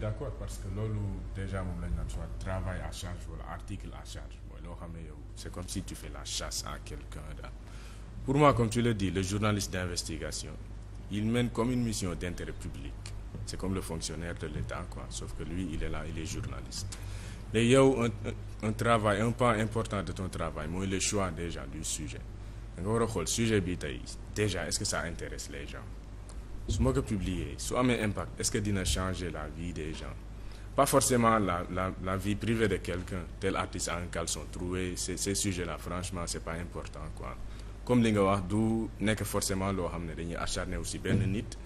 d' accord parce que loolu déjà moom la ñu naan soit travail à charge wala article à charge ne yow c' la chasse à quelqu'un daal pour moi comme tu le dis le journaliste d' investigation il mène comme une mission d' intérêt public c' est comme le fonctionnaire de l'État quoi sauf que lui il est journaliste léegi ton travail mooy le choix déjà du sujet da nga war a xool sujet bi tey déjà est ce que ça intéresse les gens su ma ko publier su amee impact est-ce que dina changer la vie des gens pas forcément la la la vie privée de quelqu'un tel artiste a un caleçon troué ces ces sujets là franchement c'est pas important comme li nga wax du nekk forcément loo xam ne dañuy acharné aussi benn mm-hmm. nit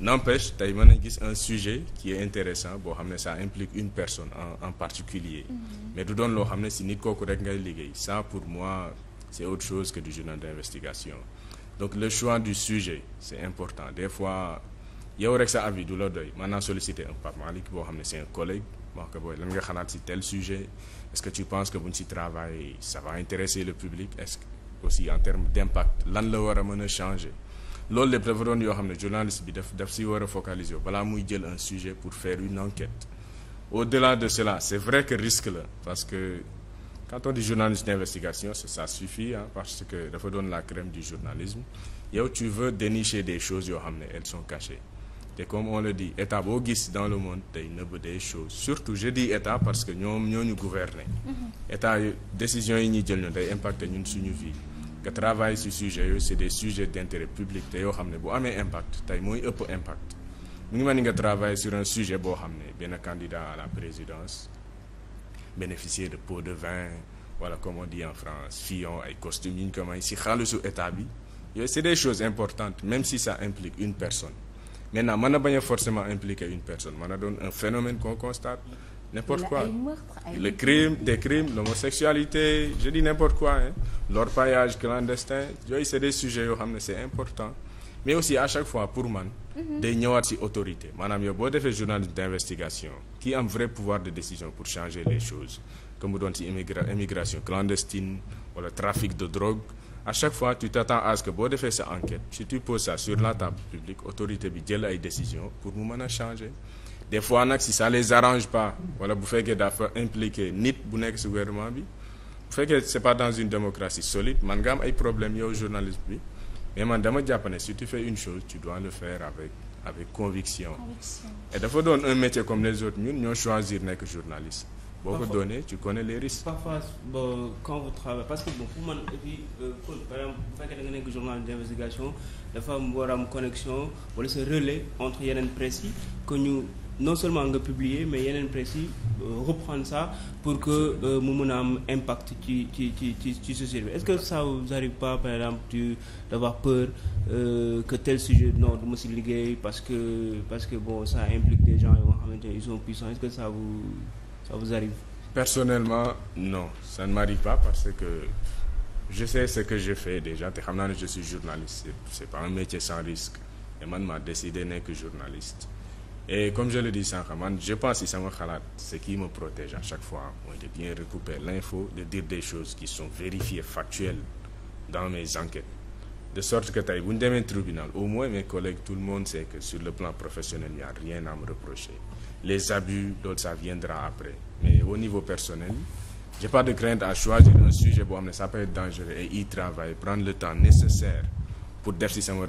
n'empêche tey mën nañ gis un sujet qui est intéressant boo xam ne ça implique une personne en en particulier mm -hmm. mais du doon loo xam ne si ni kooku rek ngay liggéey ça pour moi c'est autre chose que du journal donc le choix du sujet c'est important des fois yow rek sa avis du la doy mën naa solliciter un Pape Malick boo xam ne c'est un collègue wax ko booy lan nga xalaat ci tel sujet est-ce que tu que bu ñu ci travail ça va intéresser le public est-ce que aussi en termes d'impact lan la war a mën a changer loolu lépp dafa yoo xam ne journaliste bi daf daf ci war a focaliser wu balaa muy jël un sujet pour faire une enquête au-delà de cela c'est vrai que risque la parce quand on dit journaliste d'investigation ça suffit hein, parce que dafa doon la crème du journalisme yow tu veux dénicher des choses yoo xam ne elles sont cachées te comme on le dit état boo gis dans le monde day nëbb des choses surtout je dis état parce que ñoom ñoo ñu gouverner mhm. état décision yi ñuy jël ñun impacte ñu ñun suñu vie nga travail si sujet yooyu c'est des sujets d'intérêt public te yoo xam ne bu amee impact tey mooy ëpp impact mu ngi mel ni nga travail sur un boo xam ne benn candidat à la présidence bénéficier de pots de vin voilà comme on dit en France fillon ay costume yi ñu ko may si xaalisu état bi yooyu c'est des choses importantes même si ça implique une personne maintenant mën na bañ a forcément impliquer une personne mën na doon un phénomène qu'on constate n'importe quoi le crime des crimes l'homosexualité je dis n'importe quoi hein l'orpaillage clandestin yooyu c'est des sujets yoo xam ne c'est important mais aussi à chaque fois pour man mhm. day ñëwaat ci autorité maanaam yow boo defee journalisme d'investigation qui am vrai pouvoir de décision pour changer les choses que mu doon ci immigration clandestine wala trafic de drogue à chaque fois tu t'attends à ce que boo defee sa enquête si tu poses ça sur la table publique autorité bi jël ay décision pour mu mën a changer de fois nag si sa les arrange pa wala bu fekkee dafa impliqué nit bu nekk ci gouvernement bi bu fekkee c'est pas dans une démocratie nga am ay problèmes yow journaliste bi mais man dama jàpp ne si tu fais une chose tu dois le faire avec avec conviction. conviction. dafa doon un métier comme les autres ñun ñoo choisir nekk journaliste. boo ko doonee tu connais les risques. parfois bon quand vous travaillez parce que bo pour man et puis euh, par exemple bu fekkee da nga nekk journal d' dafa am war a am connexion wala sa relais entre yeneen presse yi ñu. non seulement nga publier mais yeneen presse yi euh, reprendre ça pour que euh, mu mën a am impact ci ci ci ci ci société bi est-ce que ça vous arrive pas par exemple tu d'avoir peur euh, que tel sujet non du ma si liggéey parce que parce que bon ça implique des gens yoo xamante ne ils sont puissants est-ce que ça vous ça vous arrive personnellement non ça ne m'arrive pas parce que je sais ce que je fais déjà te xam naa ne je suis journaliste c'est pas un métier sans risque et man ma décidé nekk journaliste et comme je le dis sànq man je pense si sama xalaat ce qui me protège à chaque fois mooy de bien recouper l'info de dire des choses qui sont vérifiées factuelles dans mes enquêtes de sorte que tey bu ñu demee tribunal au moins mes collègues tout le monde sait que sur le plan professionnel il n'y a rien à me reprocher les abus loolu ça viendra après mais au niveau personnel j'ai pas de crainte à choisir un sujet boo xam ne ça peut être dangereux et y travailler prendre le temps pour def ci sama